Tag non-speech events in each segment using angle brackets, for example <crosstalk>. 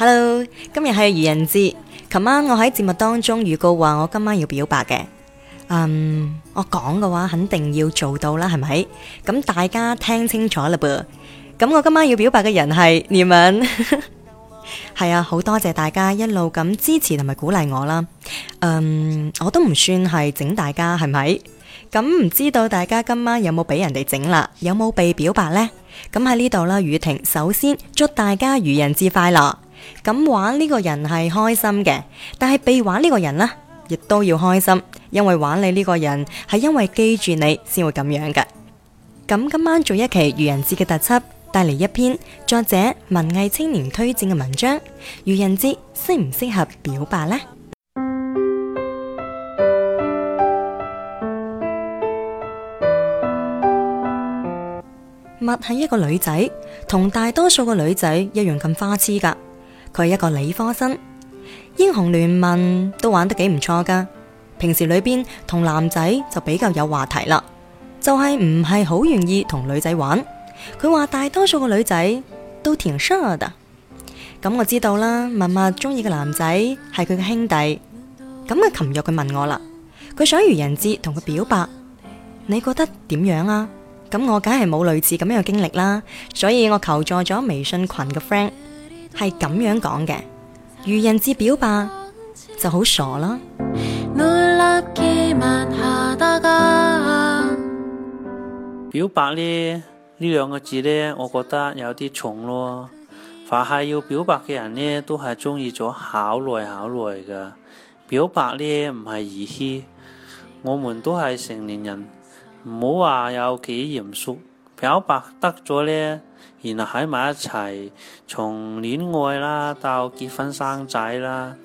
hello，今日係愚人節，琴晚我喺節目當中預告話我今晚要表白嘅。嗯，我講嘅話肯定要做到啦，係咪？咁大家聽清楚啦噃。咁我今晚要表白嘅人係念文，係 <laughs> 啊，好多謝，謝大家一路咁支持同埋鼓勵我啦。嗯，我都唔算係整大家，係咪？咁唔知道大家今晚有冇俾人哋整啦？有冇被表白呢？咁喺呢度啦，雨婷首先祝大家愚人節快樂。咁玩呢個人係開心嘅，但係被玩呢個人呢，亦都要開心，因為玩你呢個人係因為記住你先會咁樣㗎。咁今晚做一期愚人節嘅特輯，帶嚟一篇作者文藝青年推薦嘅文章。「愚人節適唔適合表白呢？」物係一個女仔，同大多數嘅女仔一樣咁花痴噶。佢係一個理科生，英雄聯盟都玩得幾唔錯噶。平時裏邊同男仔就比較有話題啦，就係唔係好願意同女仔玩。佢話大多數個女仔都挺 shut。咁、嗯、我知道啦，默默中意嘅男仔係佢嘅兄弟。咁、嗯、啊，琴日佢問我啦，佢想愚人節同佢表白，你覺得點樣啊？咁、嗯、我梗係冇類似咁樣嘅經歷啦，所以我求助咗微信群嘅 friend。係咁樣講嘅，愚人節表白就好傻啦。表白呢，呢兩個字呢，我覺得有啲重咯。凡係要表白嘅人呢，都係中意咗好耐好耐噶。表白呢，唔係兒戲，我們都係成年人，唔好話有幾嚴肅。表白得咗呢。然後喺埋一齊，從戀愛啦到結婚生仔啦，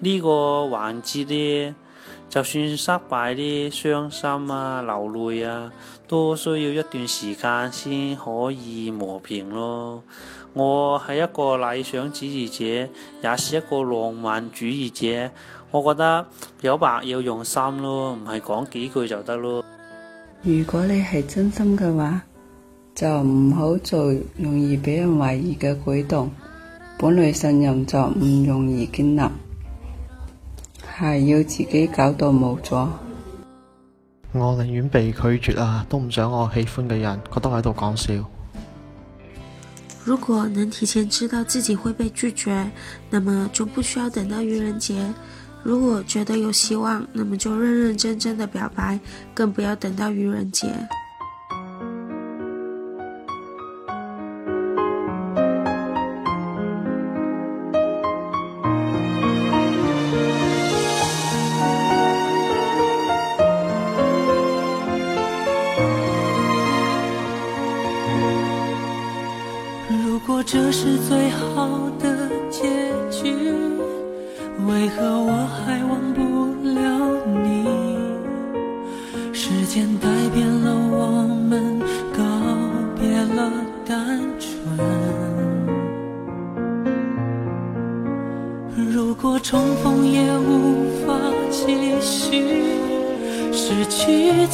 呢個環節啲就算失敗啲、傷心啊、流淚啊，都需要一段時間先可以磨平咯。我係一個理想主義者，也是一個浪漫主義者。我覺得表白要用心咯，唔係講幾句就得咯。如果你係真心嘅話。就唔好做容易俾人懷疑嘅舉動，本來信任就唔容易建立，係要自己搞到冇咗。我寧願被拒絕啊，都唔想我喜歡嘅人覺得我喺度講笑。如果能提前知道自己會被拒絕，那麼就不需要等到愚人節。如果覺得有希望，那麼就認認真真地表白，更不要等到愚人節。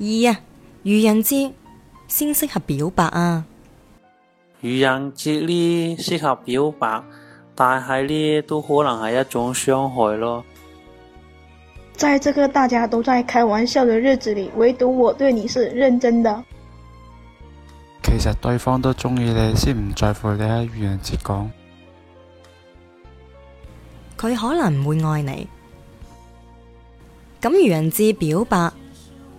二啊，愚人節先適合表白啊！愚人節呢適合表白，但係呢都可能係一種傷害咯。在這個大家都在開玩笑嘅日子裏，唯獨我對你是認真的。其實對方都中意你，先唔在乎你喺愚人節講。佢可能唔會愛你，咁愚人節表白。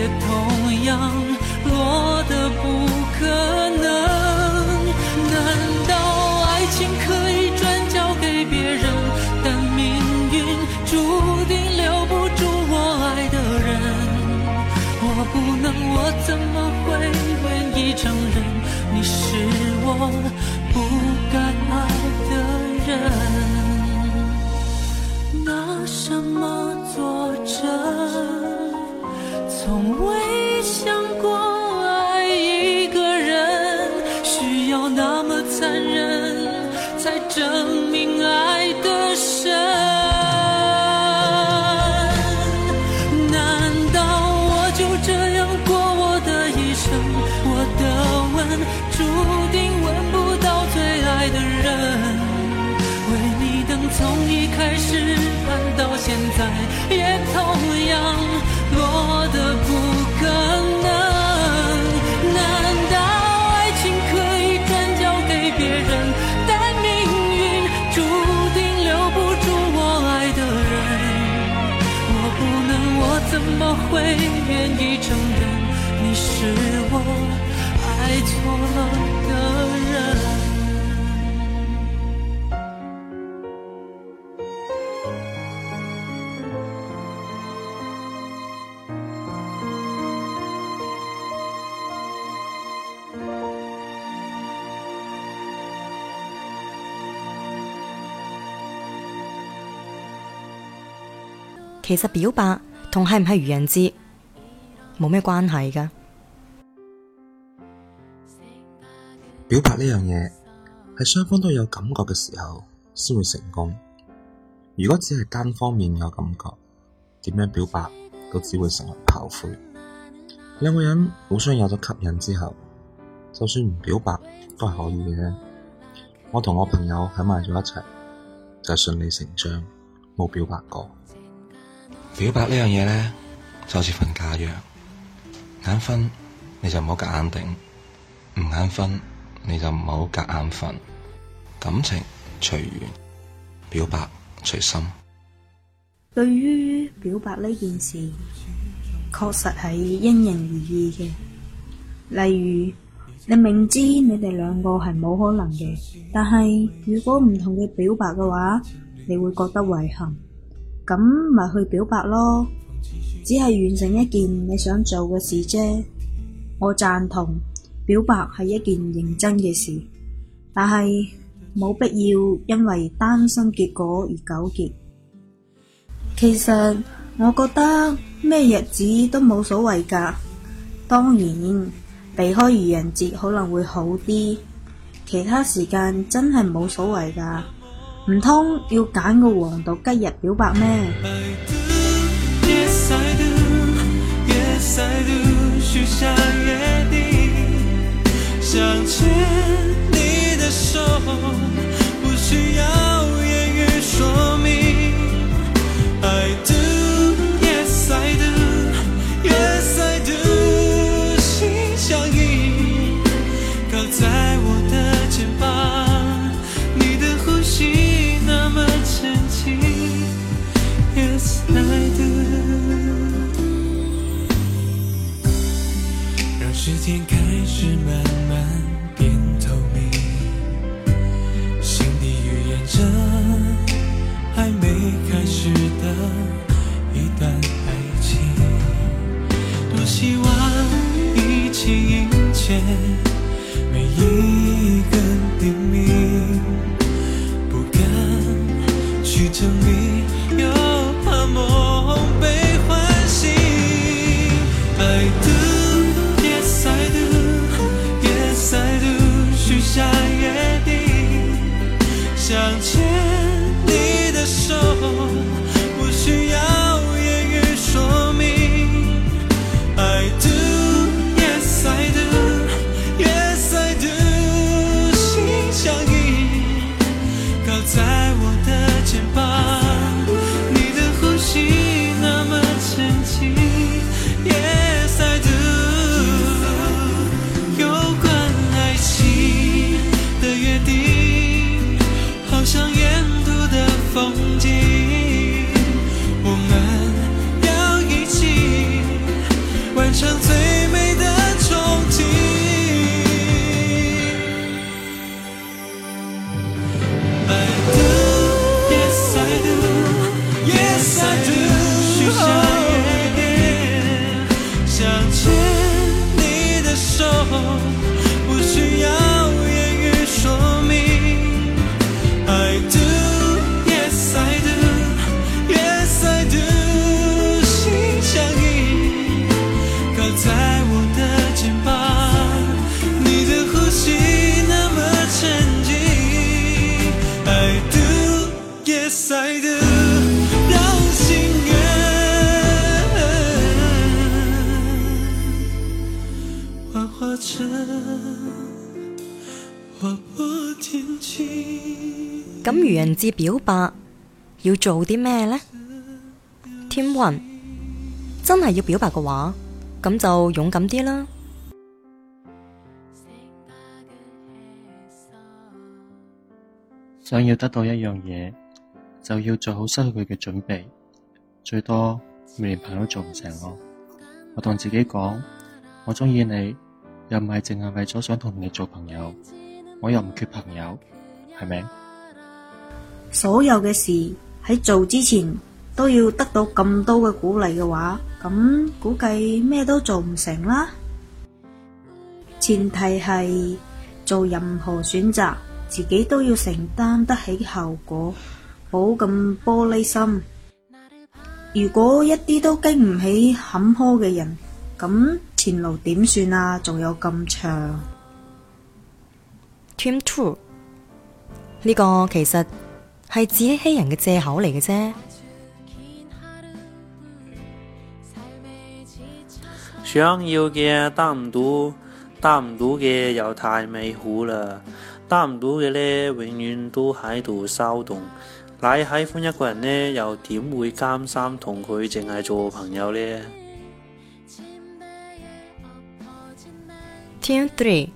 也同樣落得。真的你是我愛錯了的人、嗯。嗯、其實表白同係唔係愚人節？冇咩關係噶，表白呢樣嘢，係雙方都有感覺嘅時候先會成功。如果只係單方面有感覺，點樣表白都只會成為炮灰。兩個人互相有咗吸引之後，就算唔表白都係可以嘅。我同我朋友喺埋咗一齊，就是，順理成章冇表白過。表白這件事呢樣嘢咧，就好似，是，瞓假藥眼瞓你就唔好夾硬頂，唔眼瞓你就唔好夾硬瞓。感情隨緣，表白隨心。對於表白呢件事，確實係因人而異嘅。例如，你明知你哋兩個係冇可能嘅，但係如果唔同佢表白嘅話，你會覺得遺憾，咁咪去表白咯。只係完成一件你想做嘅事啫。我贊同表白係一件認真嘅事，但係冇必要因為擔心結果而糾結。其實我覺得咩日子都冇所謂噶，當然，避開愚人節可能會好啲，其他時間真係冇所謂噶，唔通要揀個黃道吉日表白咩？Yes I do, Yes I do，許下約定，想牽你的手，不需要。希望一起迎接。咁愚人節表白要做啲咩呢？天雲真係要表白嘅話，咁就勇敢啲啦。想要得到一樣嘢，就要做好失去佢嘅準備。最多，連朋友都做唔成我，我同自己講，我中意你。又唔係淨係為咗想同你做朋友，我又唔缺朋友，係咪？所有嘅事喺做之前都要得到咁多嘅鼓勵嘅話，咁估計咩都做唔成啦。前提係做任何選擇，自己都要承擔得起後果，冇咁玻璃心。如果一啲都經唔起坎坷嘅人，咁。前路點算啊？仲有咁長。Team Two 呢個其實係自欺欺人嘅借口嚟嘅啫。想要嘅得唔到，得唔到嘅又太美好啦。得唔到嘅呢，永遠都喺度騷動。你喜歡一個人呢，又點會甘心同佢淨係做朋友呢？Three，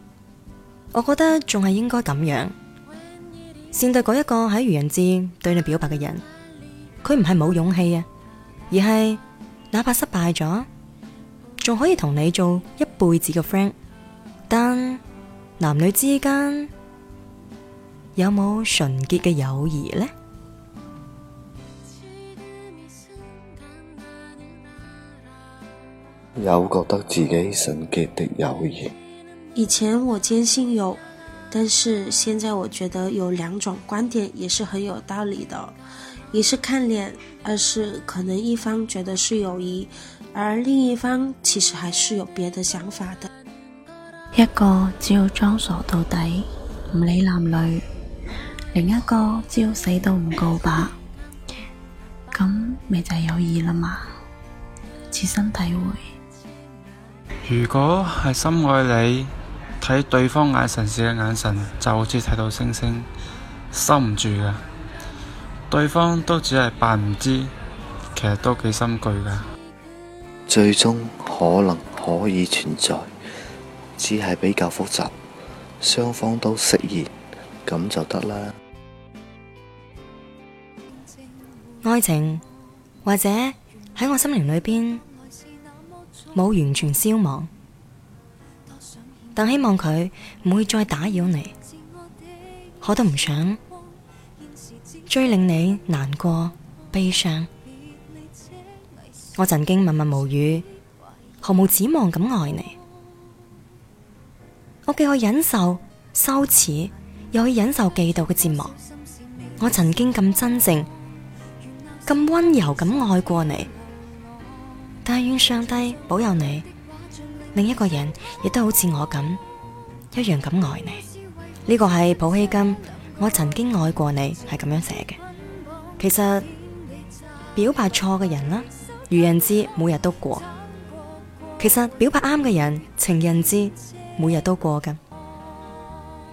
我覺得仲係應該咁樣善待嗰一個喺愚人節對你表白嘅人，佢唔係冇勇氣啊，而係哪怕失敗咗，仲可以同你做一輩子嘅 friend。但男女之間有冇純潔嘅友誼呢？有覺得自己純潔嘅友誼？以前我堅信有，但是現在我覺得有兩種觀點也是很有道理的：一是看臉，二是可能一方覺得是友誼，而另一方其實還是有別的想法的。一個只要裝傻到底，唔理男女；另一個只要死都唔告白，咁咪就係友誼啦嘛。切身體會。如果係深愛你。睇對方眼神時嘅眼神，就好似睇到星星，收唔住㗎。對方都只係扮唔知，其實都幾心攰㗎。最終可能可以存在，只係比較複雜，雙方都適宜，咁就得啦。愛情或者喺我心靈裏邊冇完全消亡。但希望佢唔會再打擾你，我都唔想，最令你難過、悲傷。我曾經默默無語，毫無指望咁愛你，我既可忍受羞恥，又可以忍受嫉妒嘅折磨。我曾經咁真正、咁溫柔咁愛過你，但願上帝保佑你。另一個人亦都好似我咁，一樣咁愛你。呢、這個係普希金，我曾經愛過你，係咁樣寫嘅。其實表白錯嘅人啦，愚人節，每日都過。其實表白啱嘅人，情人節，每日都過嘅。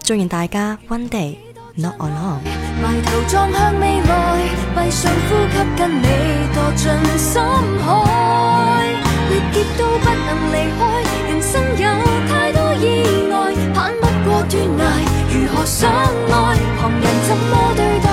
祝願大家，one day not alone。埋頭撞向未來，閉上呼吸跟你，墮進深海劫都不能離開，人生有太多意外，盼不過斷崖，如何相愛？旁人怎麼對待？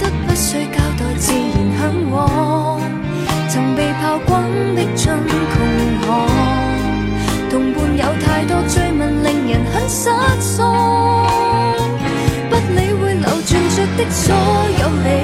得不需交代，自然向往。曾被炮轟的金窮巷，同伴有太多追問，令人很失喪。不理會流轉着的所有。